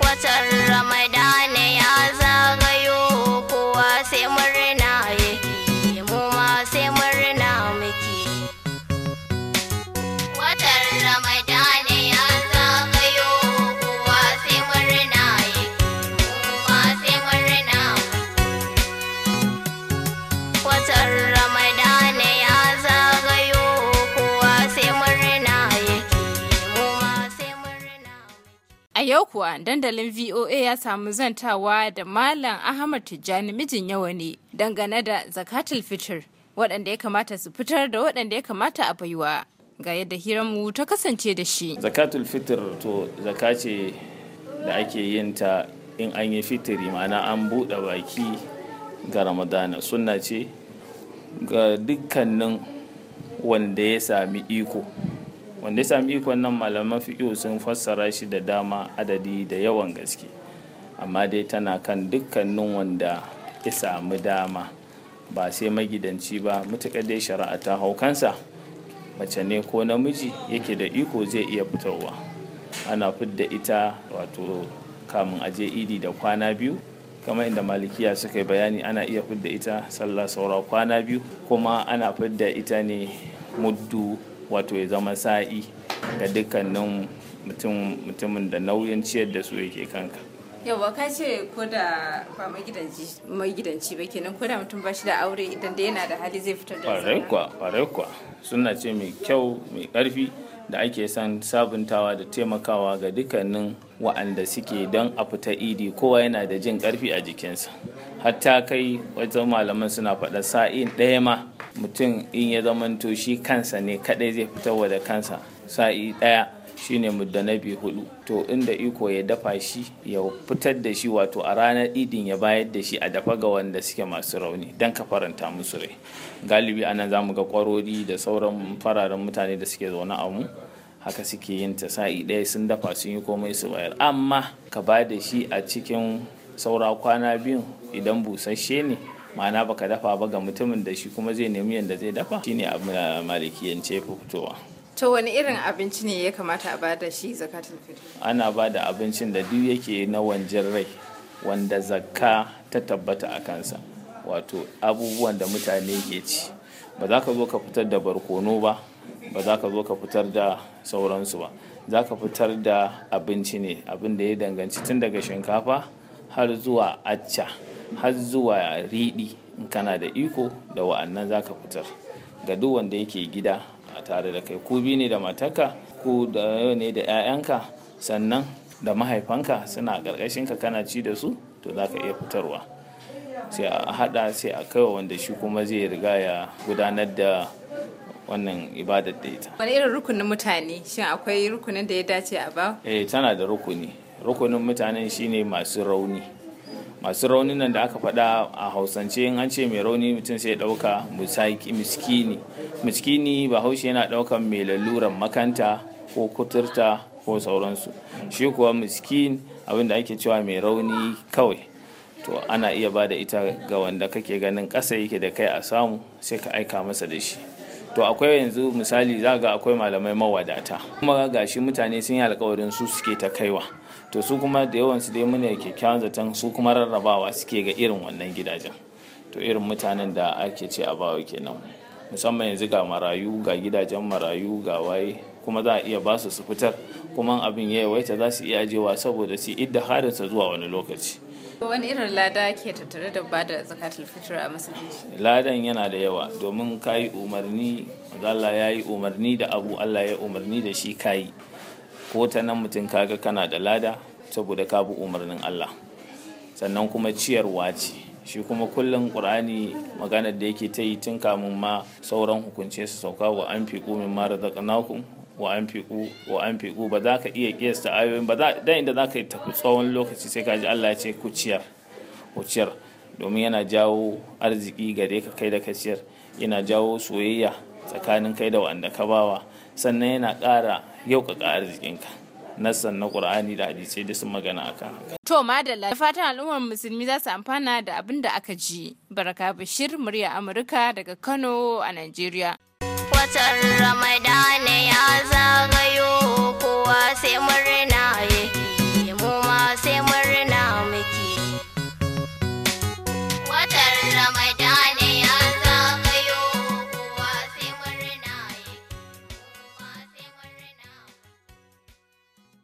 watan Ramadan. A yau kuwa dandalin VOA ya samu zantawa da Malam Ahmad Tijjani mijin yawa ne dangane da zakatul fitr waɗanda ya kamata su fitar da waɗanda ya kamata a baiwa ga yadda hiranmu ta kasance da shi. Zakatul fitr to zaka ce da ake yin ta in an yi fitiri ma'ana an buɗe baki ga ramadana suna ce ga dukkanin wanda ya sami iko. wanda ya sami ikon nan malaman fiƙihu sun fassara shi da dama adadi da yawan gaske amma dai tana kan dukkanin wanda ya sami dama ba sai magidanci ba mutuƙa dai shari'a ta haukansa mace ne ko namiji yake da iko zai iya fitowa ana fidda ita wato kamun aje idi da kwana biyu kamar inda malikiya suka yi bayani ana iya fidda ita sallah saura kwana biyu kuma ana fidda ita ne muddu wato ya zama sa'i ga dukkanin mutumin da nauyin ciyar da su yake kanka yawa ka ce ko da ba magidanci ba kenan ko da mutum ba shi da aure idan da yana da hali zai fitar da zama kwarai kwa suna ce mai kyau mai karfi da ake son sabuntawa da taimakawa ga dukkanin wa'anda suke don a fita idi kowa yana da jin karfi a jikinsa hatta kai wajen malaman suna faɗa sa'in ɗaya ma mutum in ya zamanto shi kansa ne kadai zai wa da kansa sa'i daya shine biyu hudu to inda iko ya dafa shi ya fitar da shi wato a ranar idin ya bayar da shi a dafa ga wanda suke masu rauni don ka faranta musu rai galibi anan za mu ga kwarori da sauran fararen mutane da suke zaune a mu haka suke yin ta sa'i ɗaya sun dafa sun yi komai su bayar amma ka ba da shi a cikin saura kwana biyu idan busasshe ne ma'ana baka dafa ba ga mutumin da shi kuma zai nemi yadda zai dafa shine abin da malikiyance fitowa to wani irin abinci ne ya kamata a bada shi zakatul fitr ana bada abincin da duk yake na wanjin rai wanda zakka ta tabbata a kansa wato abubuwan da mutane ke ci ba za ka zo ka fitar da barkono ba ba za ka zo ka fitar da sauransu ba za ka fitar da abinci ne abin da ya danganci tun daga shinkafa har zuwa acca har zuwa riɗi in kana da iko da wa'annan za ka fitar ga duk wanda yake gida a tare da kai ku bi ne da matarka ku da ne da 'ya'yanka sannan da mahaifanka suna ka kana ci da su to za ka iya fitarwa sai a haɗa sai a kai wanda shi kuma zai riga ya gudanar da wannan ibadar da ita. Wani irin rukunin mutane shin akwai rukunin da ya dace a ba? Eh tana da rukuni. Rukunin mutanen shine masu rauni. masu raunin nan da aka faɗa a hausance in an ce mai rauni mutum sai ya ɗauka miskini miskini ba haushe yana ɗaukan mai laluran makanta ko kuturta ko sauransu shi kuwa miskin abin da ake cewa mai rauni kawai to ana iya ba da ita ga wanda kake ganin ƙasa yake da kai a samu sai ka aika masa da shi to akwai yanzu misali za ga akwai malamai mawadata kuma gashi mutane sun yi alkawarin su suke ta kaiwa to su kuma da yawan su dai muna kyakkyawan zaton su kuma rarrabawa suke ga irin wannan gidajen to irin mutanen da ake ce a bawa kenan musamman yanzu ga marayu ga gidajen marayu ga waye kuma za a iya ba su su fitar kuma abin ya yawaita za su iya ajewa saboda su idda harinsa zuwa wani lokaci wani irin lada ke tattare da bada da zakatul fitr a masallaci ladan yana da yawa domin kayi umarni Allah ya yi umarni da abu Allah ya umarni da shi kayi ko ta nan mutum kaga kana da lada saboda ka bi umarnin Allah sannan kuma ciyarwa ce shi kuma kullum ƙur'ani maganar da yake ta yi tun kamun ma sauran hukunce su sauka wa an fiƙo min mara razaqnakum wa an fiƙo wa an fiƙo ba za ka iya kiyasta ayoyin ba dan inda za ka yi tafi tsawon lokaci sai ka ji Allah ya ce ku ciyar ku ciyar domin yana jawo arziki gare ka kai da ka ciyar yana jawo soyayya tsakanin kai da wanda ka bawa sannan yana ƙara 'Yau ka arzikinka ka na sannan ƙur'ani da hadisai da sun magana a haka. To madalla da fatan al'ummar musulmi za su amfana da abin da aka ji. Baraka Bashir murya Amurka daga Kano a Najeriya. Watan da